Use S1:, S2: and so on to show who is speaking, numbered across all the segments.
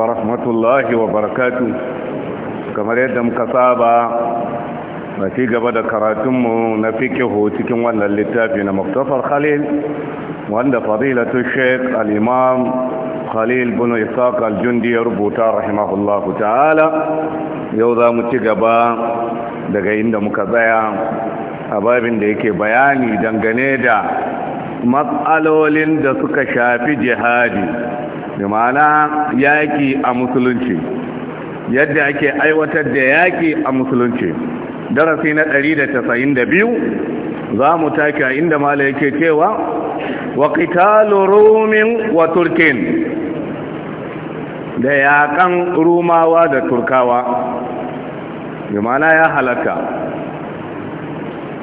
S1: wa rahmatullahi wa barakatu kamar yadda muka saba na ci gaba da karatunmu na fikihu cikin wannan littafi na muktafar khalil wanda fadilatu sheik al-imam khalil bin isaac al-jundi ya rubuta rahimahullahu ta'ala yau za mu ci gaba daga inda muka tsaya a babin da yake bayani dangane da matsalolin da suka shafi jihadi da ma'ana yaƙi a musulunci yadda ake aiwatar da yaƙi a musulunci darasi na ɗari da 192 za mu take inda mala yake cewa wa qitalu rumin wa turkin da yaƙan rumawa da turkawa da ma'ana ya halatta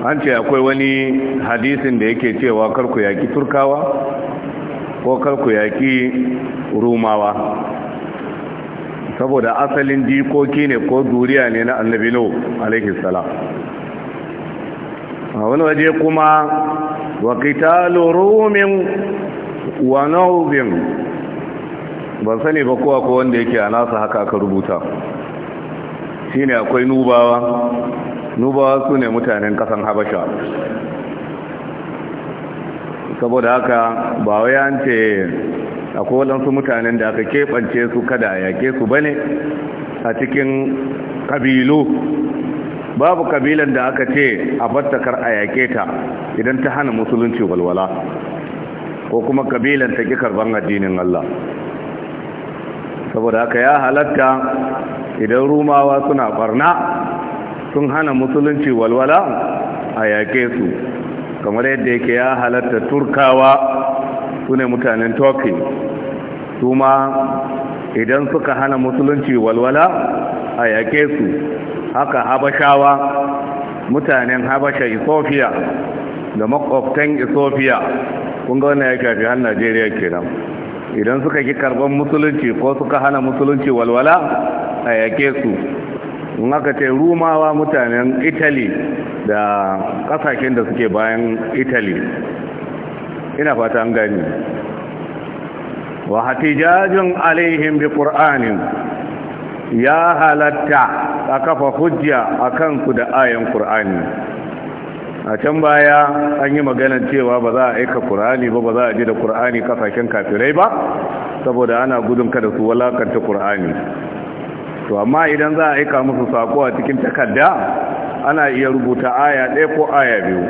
S1: an ce akwai wani hadisin da yake cewa karku yaƙi turkawa ko karku yaƙi rumawa saboda asalin jikoki ne ko duriya ne na annabi nau alaihi Sala. a wani waje kuma wa rumin wa ban sani ba kowa ko wanda yake a nasa haka aka rubuta shine akwai nubawa nubawa su ne mutanen kasan habasha saboda haka ba wai an ce akwai mutanen da aka keɓance su kada a yake su bane a cikin ƙabilu babu ƙabilan da aka ce a fattakar a yake ta idan ta hana musulunci walwala ko kuma ƙabilan ta ƙi karban addinin Allah saboda haka ya halatta idan rumawa suna ɓarna sun hana musulunci walwala a yake su kamar yadda yake ya halatta turkawa su ne mutanen turkey su ma idan suka hana musulunci walwala a yake su haka habashawa mutanen habasha isofiya da makwabtan isofiya kun wani ya shafi har najeriya kenan idan suka ki karɓar musulunci ko suka hana musulunci walwala a yake su maka ce rumawa mutanen italy da kasashen da suke bayan italy ina fata an gani wa hatijajin alaihim bi qur'anin ya halatta a kafa hujja a kanku da ayan qur'ani a can baya an yi maganar cewa ba za a aika qur'ani ba ba za a ji da qur'ani kasashen kafirai ba saboda ana gudun kada su walakanta qur'ani to amma idan za a aika musu sako a cikin takarda ana iya rubuta aya ɗaya ko aya biyu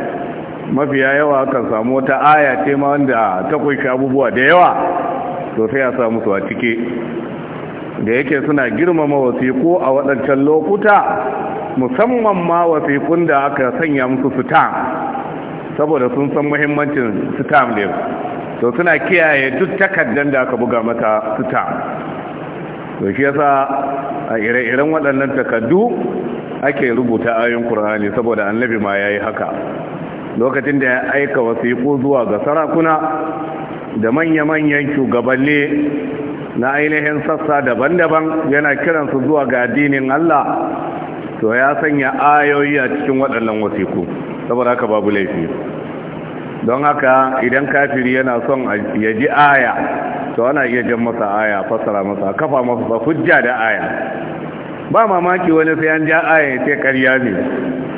S1: mafiya yawa kan samu wata aya ce ma wanda ta kunshi abubuwa da yawa to sai a samu su a cike da yake suna girmama wasiku a waɗancan lokuta musamman ma wasikun da aka sanya musu sitam saboda sun san muhimmancin sitam ne to suna kiyaye duk takardar da aka buga mata sitam to shi yasa a ire-iren waɗannan takaddu ake rubuta ayoyin Qur'ani saboda annabi ma yayi haka lokacin da ya aika wasiku zuwa ga sarakuna da manya-manyan shugabanni na ainihin sassa daban-daban yana kiransu zuwa ga addinin Allah to ya sanya ayoyi a cikin waɗannan wasiku saboda haka babu laifi don haka idan kafiri yana son ya ji aya to ana iya jan masa aya fasara masa kafa masa hujja da aya ba mamaki wani sai an ja aya ya ce ƙarya ne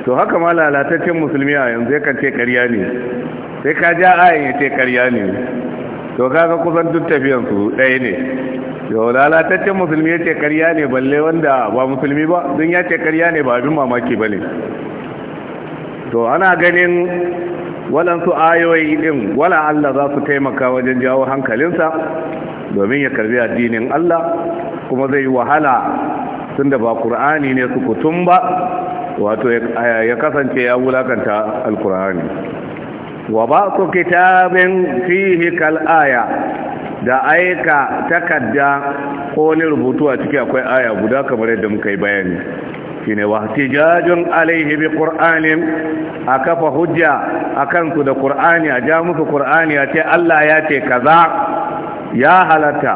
S1: to haka ma lalataccen musulmi a yanzu yakan ce ƙarya ne sai ka ja aya ya ce ƙarya ne to kaga kusan duk su ɗaya ne yau lalataccen musulmi ya ce ƙarya ne balle wanda ba musulmi ba don ya ce ƙarya ne ba abin mamaki ba ne to ana ganin waɗansu ayoyi ɗin wala Allah za su taimaka wajen jawo hankalinsa domin ya karbi addinin Allah kuma zai wahala tunda ba Kur'ani ne su kutum ba wato ya kasance ya wulakanta alkur'ani wa ba su kitabin fihi kal'aya da aika takarda ko wani rubutu a ciki akwai aya guda kamar yadda muka yi bayani shine wa tijajun alaihi bi qur'anin a kafa hujja a ku da qur'ani a ja muku qur'ani a ce Allah ya ce kaza ya halatta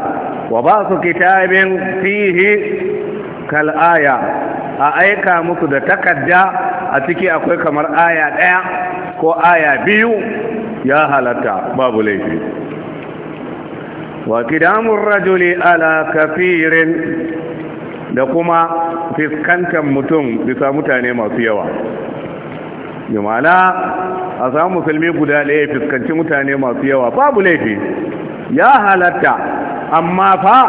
S1: wa ba su kitabin fihi kal aya a aika muku da takadda a ciki akwai kamar aya ɗaya ko aya biyu ya halatta babu laifi wa kidamun rajuli ala kafirin da kuma fiskantar mutum bisa mutane masu yawa yamana ma'ana a samun musulmi guda ɗaya fiskanci mutane masu yawa babu laifi ya halatta amma fa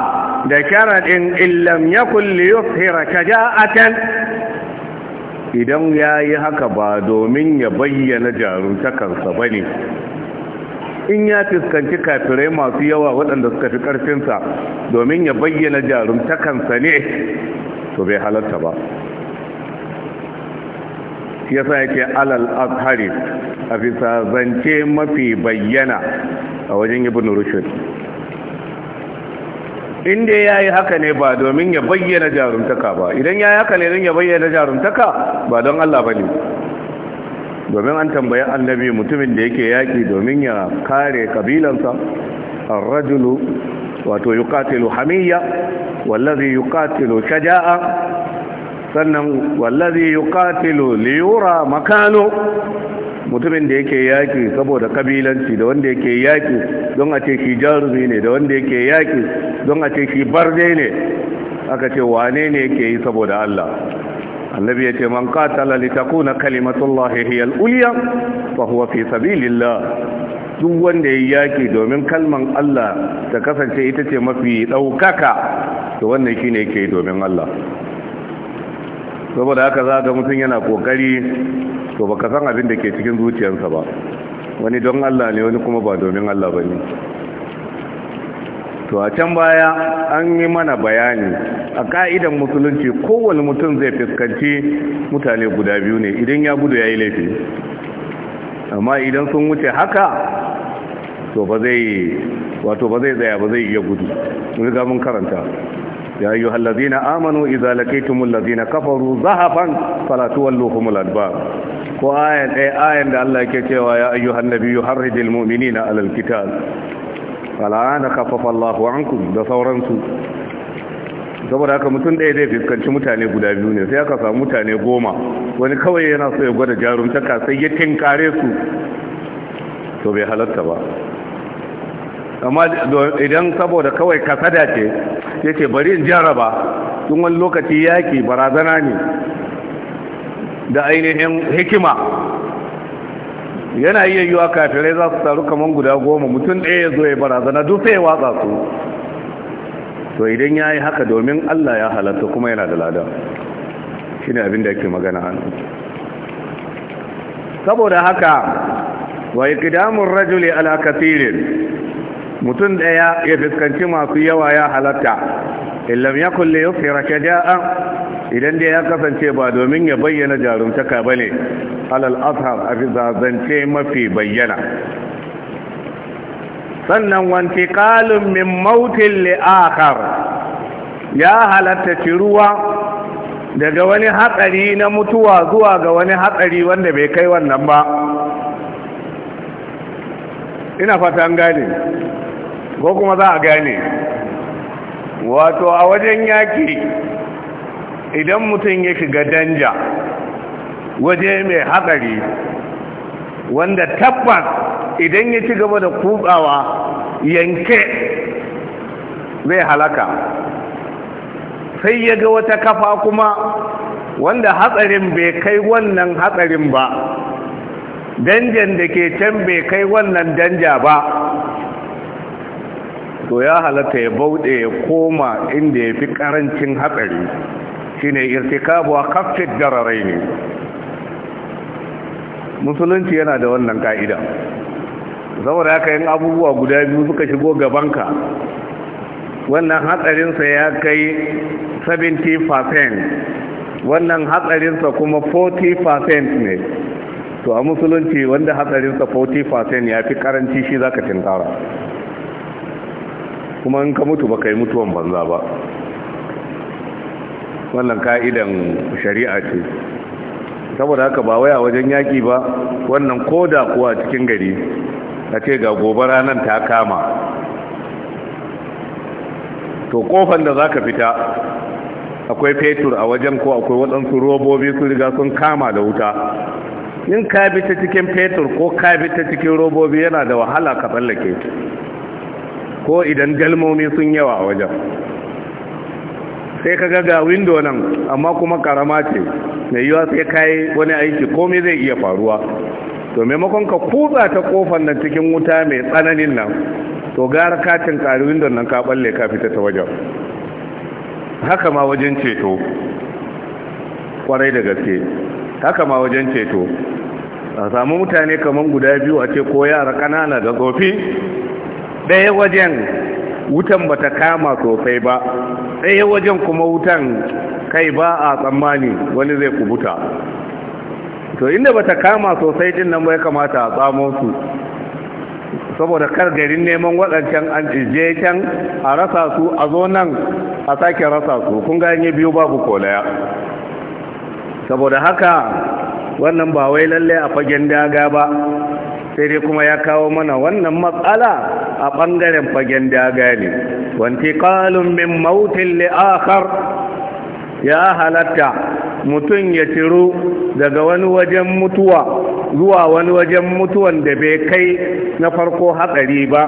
S1: da karaɗin illam ya kulle yau, a can. idan ya yi haka ba domin ya bayyana jaruntakarsa ba ne in ya fuskanci kafirai masu yawa waɗanda suka fi ƙarfinsa domin ya bayyana jarumtakansa ne to bai halarta ba yasa yake alal azhari a bisa zance mafi bayyana a wajen ibn rushd inda ya yi haka ne ba domin ya bayyana jarumtaka ba idan ya yi haka ne don ya bayyana jaruntaka ba don Allah ba domin an tambayi annabi mutumin da yake yaki domin ya kare kabilansa rajulu wato yuqatilu hamiyya wallazi yuqatilu shaja'a sannan wallazi yuqatilu liyura makano mutumin da yake yaki saboda kabilanci da wanda yake yaki don a ce shi jarumi ne da wanda yake yaki don a ce shi barde ne aka ce wane ne yake yi saboda Allah annabi ya ce man qatala litakuna kalimatullahi hiya al-ulya fa huwa fi sabilillah duk wanda ya yaki domin kalman Allah ta kasance ita ce mafi ɗaukaka to wannan shi ne ke domin Allah saboda haka za ga mutum yana kokari to baka san abin da ke cikin zuciyarsa ba wani don Allah ne wani kuma ba domin Allah ba ne to a can baya an yi mana bayani a ka'idan musulunci kowane mutum zai fuskanci mutane guda biyu ne idan ya gudu ya yi laifi amma idan sun wuce haka to ba zai wato ba zai tsaya ba zai iya gudu riga mun karanta ya yi hallazina amanu idza laqaytumul na kafaru zahafan falatuwan tuwalluhumul ba ko ayan ɗaya ayan da Allah ke cewa ya ayyuhan har harridil mummini na alalkita, al'ana kafafa Allah ku da sauransu saboda haka mutum ɗaya zai fuskanci mutane guda biyu ne sai aka samu mutane goma wani kawai yana so ya gwada jarumtaka sai ya tinkare su to bai halatta ba amma idan saboda kawai kasada ce ce-ce, bari in jaraba tun wani lokaci yaki barazana ne da ainihin hikima yana iya yiwa kafirai za su taru kamar guda goma mutum ɗaya ya zo ya barazana duk sai ya watsa su to idan ya yi haka domin Allah ya halatta kuma yana da lada shi ne abin da ke magana hannu saboda haka wa ikidamun rajuli ala kasirin mutum ɗaya ya fuskanci masu yawa ya halatta illam yakun li yusira shaja'a idan dai ya kasance ba domin ya bayyana jarumtaka bane alal ashar a zance mafi bayyana sannan wanti qalum min mautin li ya halatta ci ruwa daga wani hatsari na mutuwa zuwa ga wani hatsari wanda bai kai wannan ba ina fata an gane ko kuma za a gane wato a wajen yaki idan mutum ya shiga danja waje mai hatsari wanda tabbas idan ya ci gaba da kubawa yanke zai halaka sai ya ga wata kafa kuma wanda hatsarin bai kai wannan hatsarin ba danjan da ke can bai kai wannan danja ba to ya halatta ya bauɗe ya koma inda ya fi ƙarancin hatsari shi ne irtikabuwa kafin dararai ne musulunci yana da wannan ka'ida saboda ya kayan abubuwa guda biyu suka shigo gabanka wannan hatsarinsa ya kai 70% wannan hatsarinsa kuma 40% ne to a musulunci wanda hatsarinsa 40% ya fi karanci shi za ka tintara kuma in ka mutu ba ka yi mutuwan banza ba wannan ka'idan shari'a ce saboda haka ba waya wajen yaƙi ba wannan ko da kuwa cikin gari a ce ga gobe nan ta kama to kofan da za ka fita akwai fetur a wajen ko akwai waɗansu robobi sun riga sun kama da wuta in ka bi ta cikin fetur ko ka bi ta cikin robobi yana da wahala ka tsallake ko idan galmomi sun yawa a wajen sai ka ga windo nan amma kuma karama ce mai yiwa sai kayi wani aiki komai zai iya faruwa to maimakon ka kutsa ta kofar nan cikin wuta mai tsananin nan to gara katin kari windo nan ka balle ka fita ta wajen haka ma wajen ceto kwarai da gaske haka ma wajen ceto a samu mutane kamar guda biyu a ce ko yara ƙanana da tsofi ɗaya wajen wutan ba ta kama sosai ba ɗaya wajen kuma wutan kai ba a tsammani wani zai kubuta to inda ba ta kama sosai din nan bai kamata a tsamo su saboda kar garin neman waɗancan an ije can a rasa su a zo nan a sake rasa su kun ganye biyu babu kolaya saboda haka wannan ba wai lalle a fagen daga ba sai dai kuma ya kawo mana wannan matsala a ɓangaren fagen daga ne wanti kalun min mautin li'akar ya halatta mutum ya ciro daga wani wajen mutuwa zuwa wani wajen mutuwan da bai kai na farko hatsari ba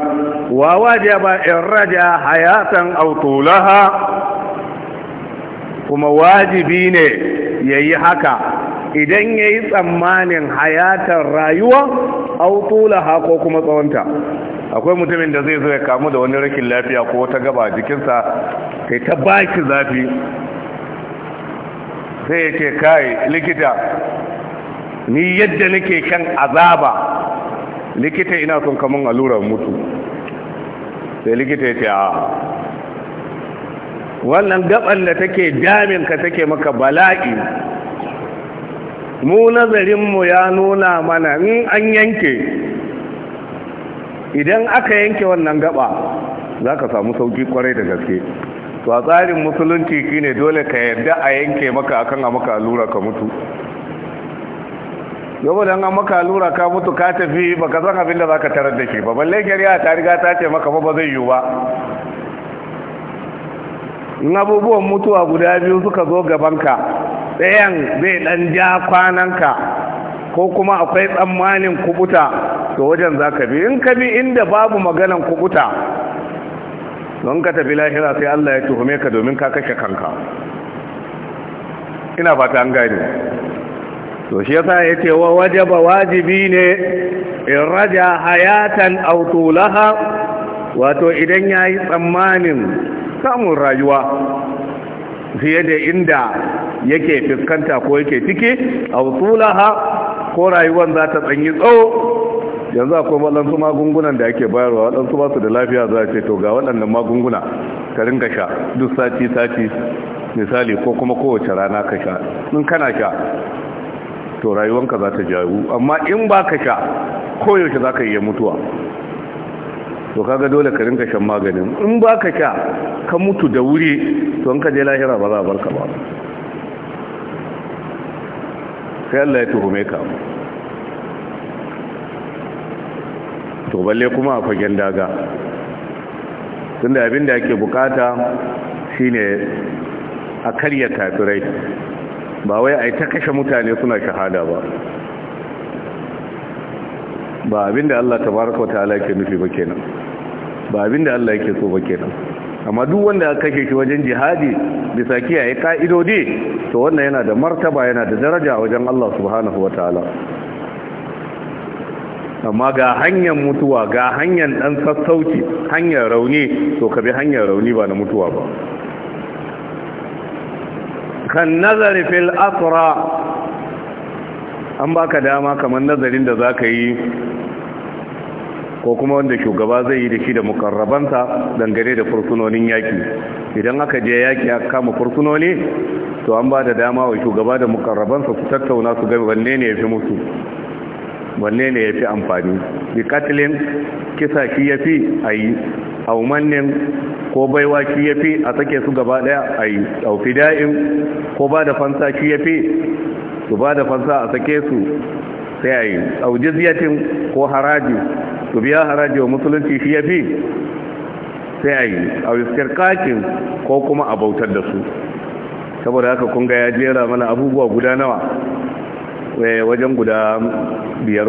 S1: wa waje ba in raja hayatan Autolaha. kuma wajibi ne ya yi haka idan ya yi tsammanin hayatar rayuwa da haƙo kuma tsawonta akwai mutumin da zai zo ya kamu da wani rikin lafiya ko ta gaba jikinsa kai ta baki zafi sai ya ce kai likita ni yadda nake kan azaba likita ina son kamun allurar mutu sai likita ya ce a wannan gaban da take damin ka take maka bala'i mu nazarinmu ya nuna mana in an yanke idan aka yanke wannan gaba za ka samu sauki kwarai da gaske to a tsarin musulunci shine dole ka yadda a yanke maka akan a maka allura ka mutu yau da an maka allura ka mutu ka tafi ba ka san abin da za ka tarar da shi ba balle shari'a ta riga ta ce maka ba zai yiwu ba in abubuwan mutuwa guda biyu suka zo gabanka ɗayan zai ɗan ja kwananka ko kuma akwai tsammanin kubuta to wajen za ka bi in ka bi inda babu maganan kubuta don ka tafi lahira sai Allah ya tuhume ka domin ka kashe kanka ina fata an gani to shi yasa ya ce wa wajaba wajibi ne in raja hayatan autulaha wato idan ya yi tsammanin samun rayuwa fiye da inda yake fuskanta ko yake ciki a usulaha ko rayuwar za ta tsanyi tsawo yanzu akwai waɗansu magungunan da ake bayarwa waɗansu ba su da lafiya za a ce to ga waɗannan magunguna ka ringa sha duk sati-sati misali ko kuma kowace rana ka sha in kana sha to rayuwanka za ta jawo amma in ba ka sha koyaushe za ka iya mutuwa to kaga dole ka ringa shan maganin in ba ka sha ka mutu da wuri to in ka je lahira ba za a barka ba sai Allah ya tuhume ka to balle kuma a fagen daga tunda abin da ake bukata shine a karya kafirai ba wai a yi ta kashe mutane suna shahada ba ba abin da Allah tabaraka wa ta'ala yake nufi ba kenan ba abin da Allah yake so ba kenan amma duk wanda aka kashe shi wajen jihadi bisa kiyaye ka'idodi to wannan yana da martaba yana da daraja wajen Allah subhanahu wataala amma ga hanyar mutuwa ga hanyar dan sassauci hanyar rauni to ka bi hanyar rauni ba na mutuwa ba kan nazari fil asra an baka dama kamar nazarin da zaka yi ko kuma wanda shugaba zai yi da shi da mukarrabansa dangane da fursunonin yaki idan aka je yaki aka kama fursunoni to an ba da dama wa shugaba da mukarrabansa su tattauna su ga wanne ne ya fi musu wanne ne ya amfani bi katlin kisa shi ya fi a yi aumannin ko baiwa shi ya a sake su gaba daya a yi ɗaufi da'in ko ba da fansa shi ya su ba da fansa a sake su sai a yi aujiziyatin ko haraji ku biya haraji wa musulunci shi ya fi sai a yi a kakin ko kuma a bautar da su saboda haka kun ga ya jera mana abubuwa guda nawa eh, wajen guda biyar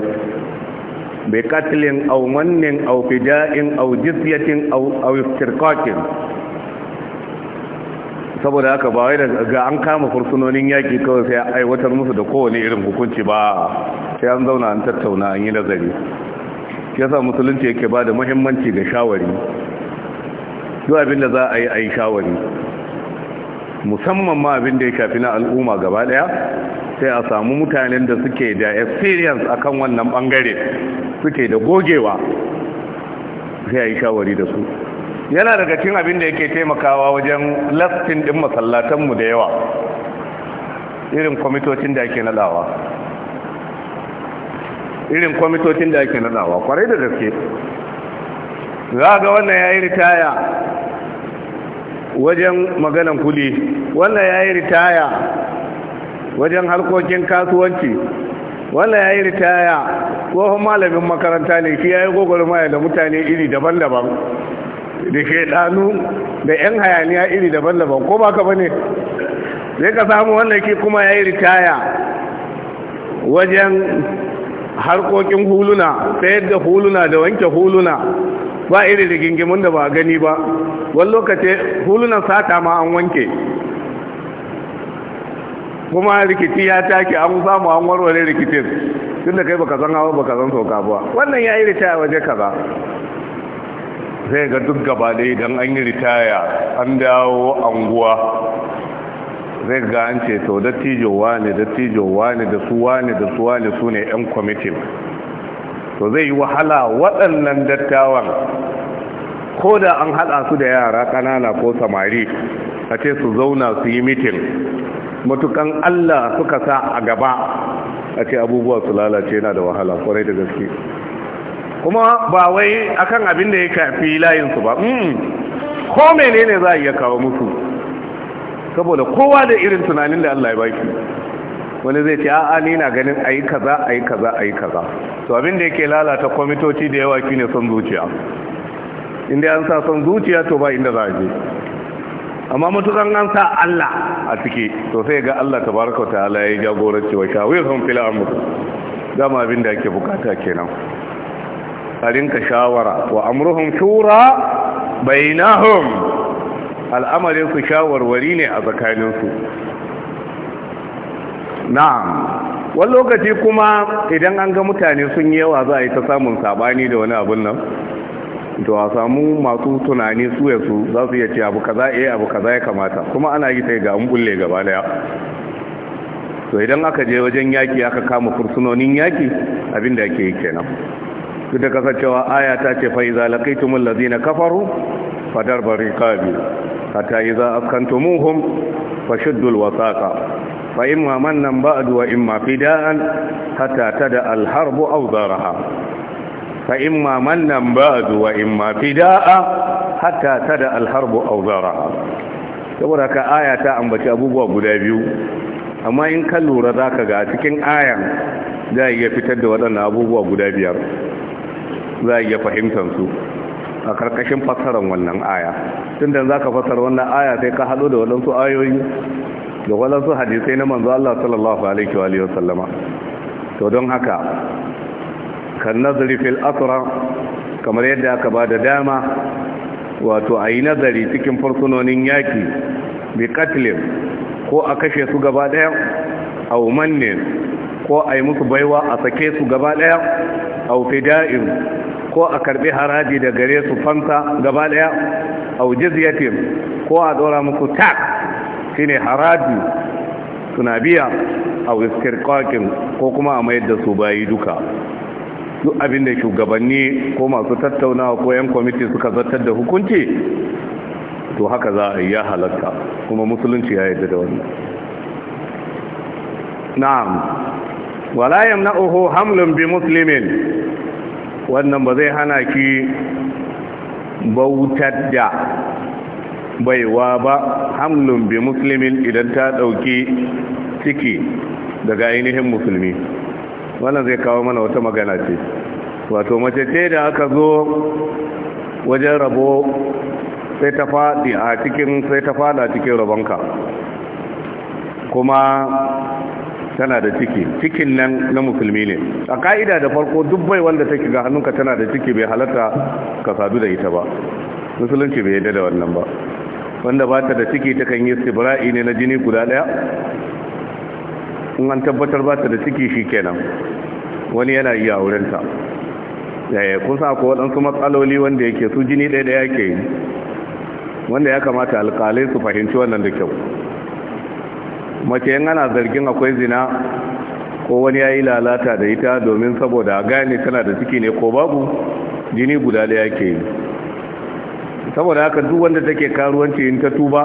S1: bai katilin au mannin au fija'in au jizyatin au istirkakin saboda haka ba wai ga an kama fursunonin yaki kawai sai aiwatar musu da kowane irin hukunci ba sai an zauna an tattauna an yi nazari shi yasa musulunci yake ba da muhimmanci ga shawari duk abin da za a yi a shawari musamman ma abin da ya shafi na al'umma gaba daya sai a samu mutanen da suke da experience akan wannan bangare suke da gogewa sai a shawari da su yana daga cikin abin da yake taimakawa wajen lastin din masallatanmu da yawa irin kwamitocin da ake nadawa irin kwamitocin da ake nadawa kwarai da gaske za ga wannan ya yi ritaya wajen maganan kudi wannan ya yi ritaya wajen harkokin kasuwanci wannan ya yi ritaya tsohon malamin makaranta ne shi ya yi gwagwarmaya da mutane iri daban-daban da ke danu da 'yan hayaniya iri daban-daban ko ba ka ba ne zai ka samu wannan ke kuma ya yi ritaya wajen harkokin huluna sayar da huluna da wanke huluna ba irin rigingimun da ba gani ba wani lokaci hulunan sata ma an wanke kuma rikici ya take an samu an warware rikicin tun da kai baka san hawa baka san soka ba wannan ya yi ritaya waje kaza Zai ga duk gaba ɗaya idan an yi ritaya an dawo anguwa zai ga an ce to dattijo wane dattijo wane da su wane da su wane su ne 'yan kwamitin to zai yi wahala waɗannan dattawan ko da an haɗa su da yara ƙanana ko samari a ce su zauna su yi mitin matukan allah suka sa a gaba a ce abubuwa su lalace na da wahala kwarai da gaske kuma ba wai akan abin da ya kafi layinsu ba hmm, ko menene za a iya kawo musu saboda kowa da irin tunanin da Allah ya baki wani zai ce a'a ni na ganin ayi kaza ayi kaza ayi kaza to abin da yake lalata kwamitoci da yawa shine son zuciya inda an sa son zuciya to ba inda za a je amma mutukan an sa Allah a ciki to sai ga Allah tabaraka wa ta'ala ya jagoranci wa son fil amr dama abin da yake bukata kenan a rinka shawara wa amruhum shura bainahum al'amarinsu su shawarwari ne a tsakaninsu na'am wani lokaci kuma idan an ga mutane sun yi yawa za a yi ta samun sabani da wani abin nan to a samu masu tunani su ya su za su iya ce abu kaza eh abu kaza ya kamata kuma ana yi sai ga an bulle gaba daya to idan aka je wajen yaki aka kama fursunonin yaki abin da ake yi kenan duk da kasancewa aya ta ce fa iza laqaytumul ladina kafaru fadar biyu hatta a askantumuhum fashuddul wasaqa fa imma mannan ba'du wa mafi fida'an hatta ta da harbu aw daraha fa imma mannan ba'du wa mafi da'a hatta ta da harbu aw daraha saboda ka aya ta ambaci abubuwa guda biyu amma in ka lura za ka ga cikin ayan za a iya fitar da waɗannan abubuwa guda biyar za a iya fahimtansu. a karkashin fassarar wannan aya tun da za ka fassara wannan aya sai ka haɗu da waɗansu ayoyi da wadansu hadisai na manzo Allah sallallahu alaihi wa wasallama to don haka kan nazari fil asra kamar yadda aka ba da dama wato ayi nazari cikin fursunonin yaki bi katlin ko a kashe su gaba ɗaya aw umarnin ko ayi musu baiwa a sake su gaba ɗaya aw fida'in ko a karbi haraji da gare su fansa gaba daya au jizyatin ko a dora muku tak shine haraji suna biya au kwakin, ko kuma a mayar da su bayi duka duk abin da shugabanni ko masu tattaunawa ko yan kwamiti suka zartar da hukunci to haka za a yi ya halatta kuma musulunci ya yarda da wannan na'am wala yamna'uhu hamlun bi muslimin wannan ba zai hana ki bautar da baiwa ba hamlin bi musulmin idan ta ɗauki ciki daga ainihin musulmi wannan zai kawo mana wata magana ce wato mace ce da aka zo wajen rabo sai ta faɗi a cikin sai ta faɗa cikin rabonka kuma tana da ciki cikin nan na musulmi ne a ka'ida da farko duk bai wanda take ga hannunka tana da ciki bai halatta ka sadu da ita ba musulunci bai yadda da wannan ba wanda ba ta da ciki ta kan yi sibra'i ne na jini guda daya in an tabbatar ba ta da ciki shi kenan wani yana iya aurenta yaya kun sa ko waɗansu matsaloli wanda yake su jini ɗaya ɗaya ke yi wanda ya kamata alƙalai su fahimci wannan da kyau mace yin ana zargin akwai zina ko wani ya yi lalata da ita domin saboda gane tana da ciki ne ko babu jini guda da yake yi saboda haka duk wanda take karuwanci in ta tuba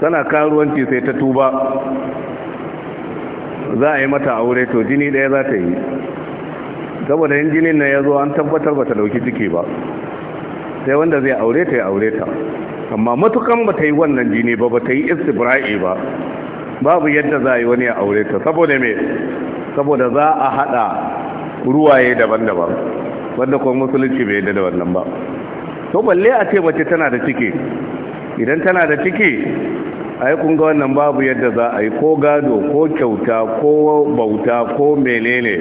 S1: tana karuwanci sai ta tuba za a yi mata aure to jini daya za ta yi saboda yin jinin na ya zo an tabbatar ba ta ɗauki ciki ba sai wanda zai aure ta ya aure ta amma matukan ba ta yi wannan jini ba ba ta yi istibra'i ba babu yadda za a yi wani a aure ta saboda mai saboda za a hada ruwaye daban-daban wanda kuma musulunci bai yadda da wannan ba to balle a ce mace tana da ciki idan tana da ciki ai kun ga wannan babu yadda za a yi ko gado ko kyauta ko bauta ko menene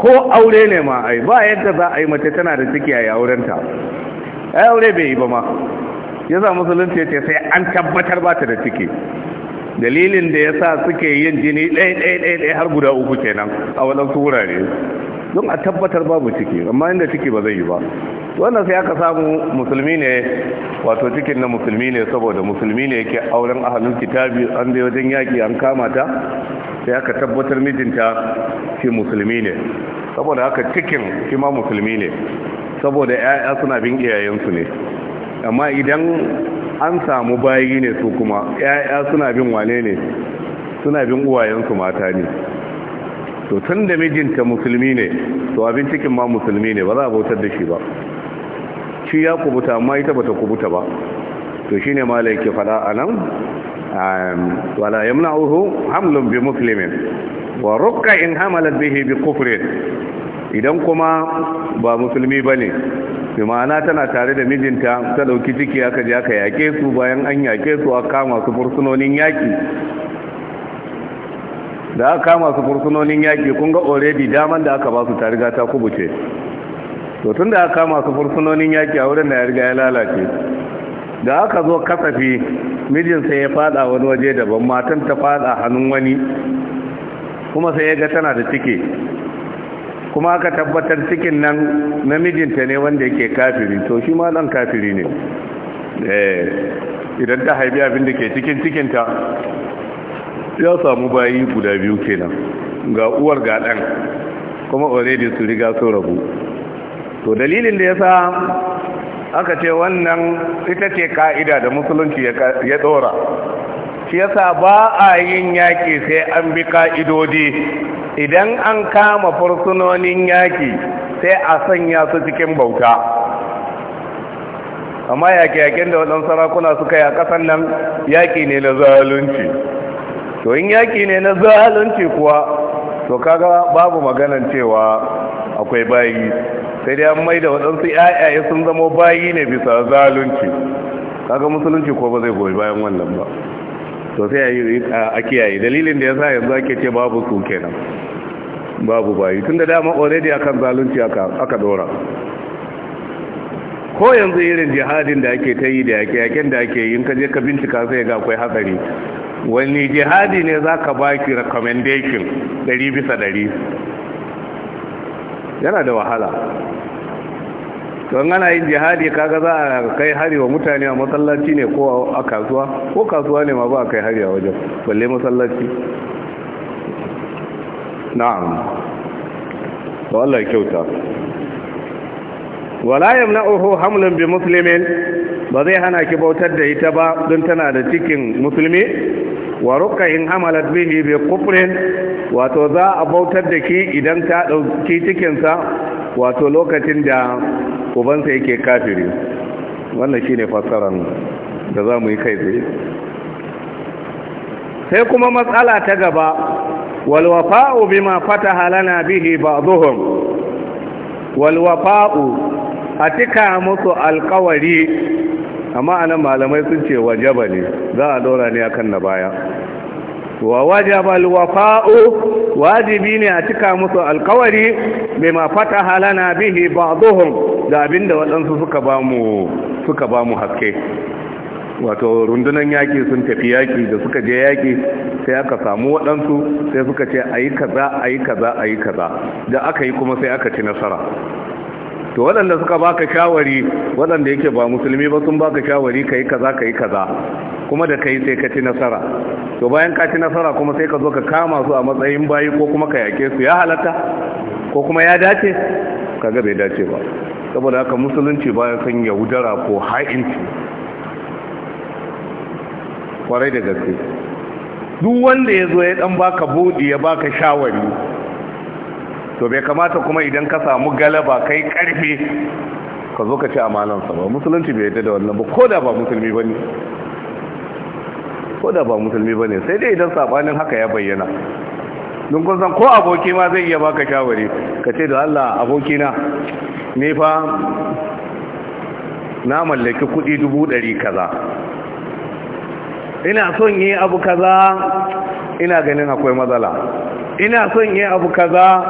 S1: ko aure ne ma ai ba yadda za a yi mace tana da ciki a yi aurenta ai aure bai yi ba ma ya sa musulunci ya ce sai an tabbatar ba ta da ciki dalilin da ya sa suke yin jini ɗaya-ɗaya har guda uku kenan a waɗansu wurare don a tabbatar babu ciki amma inda ciki ba zai yi ba wannan sai aka samu musulmi ne wato cikin na musulmi ne saboda musulmi ne yake auren ahalin kitabi an da wajen yaƙi an kama ta sai aka tabbatar mijinta shi musulmi ne saboda haka cikin shi ma musulmi ne saboda 'ya'ya suna bin iyayensu ne amma idan an samu bayi ne su kuma ya'ya suna bin wane ne suna bin uwayensu mata ne to tun da mijinta musulmi ne to abin cikin ma musulmi ne ba za a bautar da shi ba shi ya kubuta amma ita bata kubuta ba to shine ma yake fada nan, um, wala uhu Hamlin bi musulmi, wa rukka in Hamalar bihe bi idan kuma ba musulmi ba ne. bi tana tare da mijinta ta dauki ciki aka je aka yake su bayan an yake su aka kama su fursunonin yaki da aka kama su fursunonin yaki kun ga already daman da aka ba su ta riga ta kubuce to tun da aka kama su fursunonin yaki a wurin da ya riga ya lalace da aka zo kasafi mijinsa ya fada wani waje daban matan ta fada hannun wani kuma sai ya ga tana da ciki kuma aka tabbatar cikin nan namijinta ne wanda yake kafiri to shi ma dan kafiri ne eh, idan ta haifi abin da ke cikin cikinta ya samu bayi guda biyu kenan ga uwar ga dan, kuma already su riga sun rabu to dalilin da ya sa aka ce wannan ita ce ka'ida da musulunci ya ɗora shi yasa ba a yin yaƙi sai an bi ka'idodi idan an kama fursunonin yaƙi sai a sanya su cikin bauta amma yaƙi-yaƙin da waɗansu sarakuna suka yi a ƙasan nan yaƙi ne na zalunci to in yaƙi ne na zalunci kuwa to kaga babu maganan cewa akwai bayi sai dai an mai da waɗansu ‘ya'yaye sun zama bayi ne bisa zalunci kaga musulunci ko ba zai goyi bayan wannan ba to sai a kiyaye dalilin da ya sa yanzu ake ce babu su kenan babu bayi tun da dama already akan zalunci aka dora ko yanzu irin jihadin da ake ta yi da yake-yaken da ake yi ka je ka bincika sai ga akwai hatsari wani jihadi ne za ka ba ki recommendation ɗari bisa ɗari? yana da wahala don ana yin jihadi kaga za a kai hari wa mutane a masallaci ne ko a kasuwa ko kasuwa ne ma ba a kai hari a wajen balle masallaci na'am ba Allah ya kyauta wala Oho hamlin bi musulmi ba zai hana ki bautar da ita ba don tana da cikin musulmi wa in hamalat bihi bi kufrin wato za a bautar da ki idan ta dauki cikin sa wato lokacin da ubansa yake kafiri wannan shine fassaran da za mu yi kai tsaye sai kuma matsala ta gaba walwafa'u bima fataha lana bihi ba'dhum walwafa'u atika musu alqawari amma anan malamai sun ce wajaba ne za a dora ne akan na baya wa wajaba alwafa'u wajibi ne a cika musu alqawari bima fataha lana bihi ba'dhum Da abin da waɗansu suka ba mu suka ba mu haske wato rundunan yaƙi sun tafi yaƙi da suka je yaƙi sai aka samu waɗansu sai suka ce a yi kaza a yi kaza a yi kaza da aka yi kuma sai aka ci nasara to waɗanda suka baka shawari waɗanda yake ba musulmi ba sun baka shawari ka yi kaza ka yi kaza kuma da kai sai ka ci nasara to bayan ka ci nasara kuma sai ka zo ka kama su a matsayin bayi ko kuma ka yake su ya halatta ko kuma ya dace kaga bai dace ba saboda haka musulunci baya son yaudara ko ha'inci kwarai da gaske duk wanda ya zo ya dan baka budi ya baka shawari to bai kamata kuma idan ka samu galaba kai karfe ka zo ka ci amanansa ba musulunci bai yadda da wannan ba ko da ba musulmi ba ne ko da ba musulmi ba ne sai dai idan sabanin haka ya bayyana dun san ko aboki ma zai iya baka shawari ka ce da Allah abokina ne fa na mallaki kudi dubu ɗari kaza ina son yi abu kaza ina ganin akwai matsala ina son yi abu kaza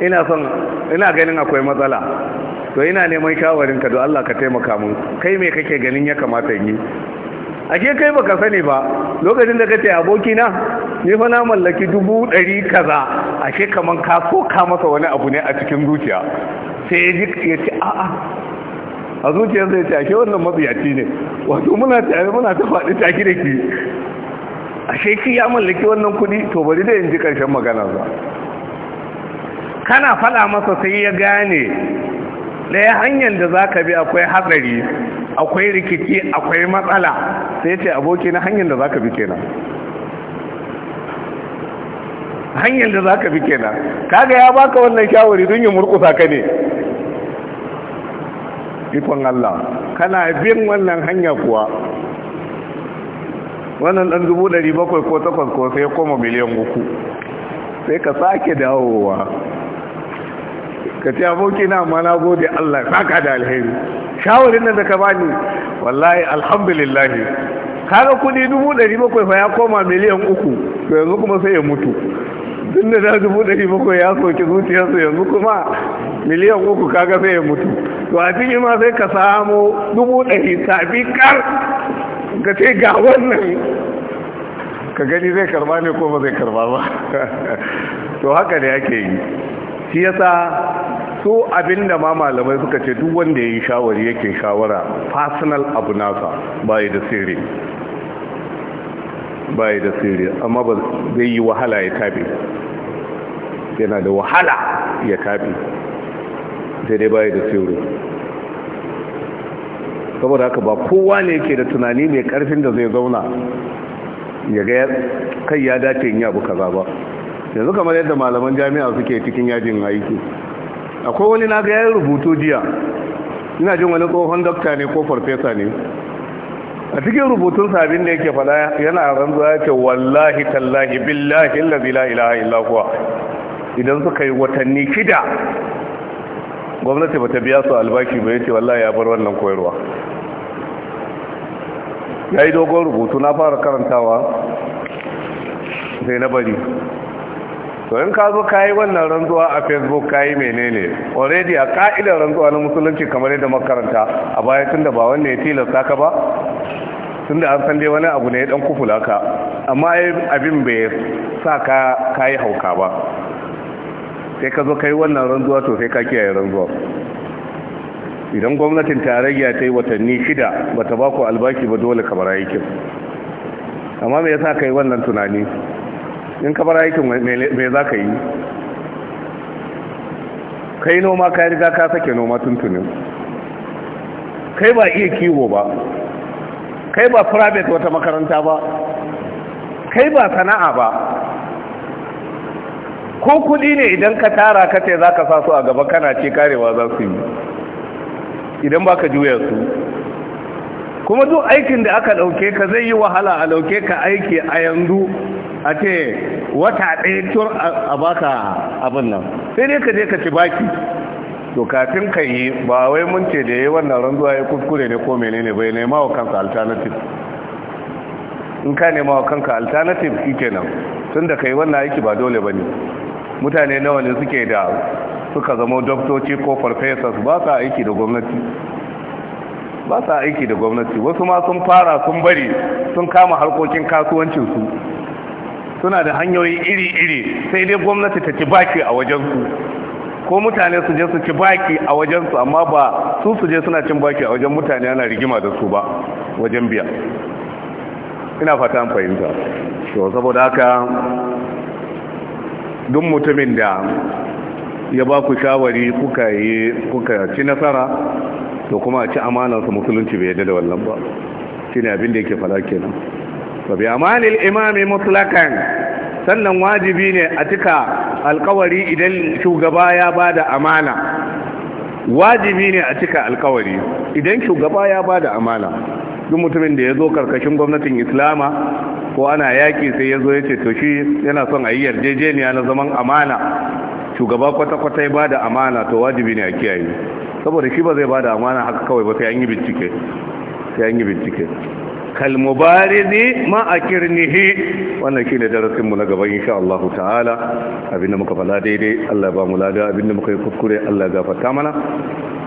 S1: ina son ina ganin akwai matsala to ina neman shawarin ka don Allah ka taimaka mun kai me kake ganin ya kamata yi ake kai baka sani ba lokacin da ka aboki na ni fa na mallaki dubu ɗari kaza ake kaman ka so ka masa wani abu ne a cikin zuciya sai ya ji ya ce a'a a zuciyar zai tashe wannan mabiyaci ne wato muna tare muna ta faɗi taki da ki a ki ya mallaki wannan kuɗi to bari da yin ji ƙarshen magana za kana faɗa masa sai ya gane ɗaya hanyar da za ka bi akwai hatsari akwai rikici akwai matsala sai ce aboki na hanyar da za ka bi kenan hanyar da za ka bi kenan kaga ya baka wannan shawari don yi murkusa ka ne ikon Allah kana bin wannan hanya kuwa wannan ɗan dubu ɗari bakwai ko takwas ko sai koma miliyan uku sai ka sake dawowa ka ce aboki na amma na gode Allah saka da alheri shawarin nan da ka bani wallahi alhamdulillah kaga kudi dubu ɗari bakwai fa ya koma miliyan uku to yanzu kuma sai ya mutu tun da dubu ɗari bakwai ya soki zuciyarsa yanzu kuma miliyan uku kaga sai ya mutu Wa a ma sai ka samu dubu ɗari tafi kar ka ce ga wannan ka gani zai karba ne ko ba zai karba ba to haka da yake yi shi yasa so abinda ma malamai suka ce duk wanda ya yi shawari yake shawara personal abu nasa bai da sirri bai da sirri amma ba zai yi wahala ya tabi yana da wahala ya tabi sai dai baya da tsoro saboda haka ba kowa ne yake da tunani mai karfin da zai zauna ya ga kai ya dace in yabu kaza ba yanzu kamar yadda malaman jami'a suke cikin yajin aiki akwai wani na ga ya rubutu jiya ina jin wani tsohon dokta ne ko farfesa ne a cikin rubutun sabin da yake fada yana ranzu ya ce wallahi tallahi billahi allazi ilaha illa idan suka yi watanni kida gwamnati ba ta biya su albashi ba ya ce wallahi ya bar wannan koyarwa ya yi dogon rubutu na fara karantawa sai na bari to in ka zo ka yi wannan rantsuwa a facebook ka yi menene already a ka'idar rantsuwa na musulunci kamar yadda makaranta a baya tun da ba wanne ya tilasta ka ba tun da an san dai wani abu ne ya dan kufula ka amma abin bai sa ka yi hauka ba sai ka zo kai wannan ranzuwa to sai ka kiyaye ranzuwa idan gwamnatin tarayya ta yi watanni shida ba ta ba ku albashi ba dole kamar aikin amma me yasa ka yi wannan tunani in kamar aikin me za ka yi kai noma ka riga ka sake noma tuntunin kai ba iya kiwo ba kai ba private wata makaranta ba kai ba sana'a ba ko kuɗi ne idan ka tara ka ce za ka sa su a gaba kana ce karewa za su yi idan ba ka juya su kuma duk aikin da aka ɗauke ka zai yi wahala a ɗauke ka aiki a yanzu a ce wata ɗaya tur a baka abin nan sai dai ka je ka ci baki to kafin ka yi ba wai mun ce da ya yi wannan ranzuwa ya kuskure ne ko menene bai nema wa kanka alternative in ka nema wa kanka alternative ike nan? tun da kai wannan aiki ba dole ba ne mutane nawa ne suke da suka zama doktoci ko farfesas ba sa aiki da gwamnati ba sa aiki da gwamnati wasu ma sun fara sun bari sun kama harkokin kasuwancinsu suna da hanyoyi iri-iri sai dai gwamnati ta ci baki a wajensu ko mutane su je su ci baki a wajensu amma ba su su je suna cin baki a wajen mutane ana rigima da su ba wajen biya ina fata an fahimta to saboda haka duk mutumin da ya ba ku shawari kuka yi kuka ci nasara to kuma a ci su musulunci bai yadda da wannan ba ne abin da yake fara kenan wa bi amanil imami mutlaqan sannan wajibi ne a cika alkawari idan shugaba ya bada amana wajibi ne a cika alkawari idan shugaba ya bada amana duk mutumin da ya zo karkashin gwamnatin islama ko ana yaƙi sai ya zo ya ce to shi yana son a yi yarjejeniya na zaman amana shugaba kwata-kwata ya bada amana to wajibi ne a kiyaye saboda shi ba zai bada amana haka kawai ba sai an yi bincike sai an yi bincike kalmubarizi ma a kirnihi wannan shi ne darasinmu na gaba insha Allah ta'ala abinda muka fala daidai Allah ba mu lada abinda muka yi kuskure Allah gafarta mana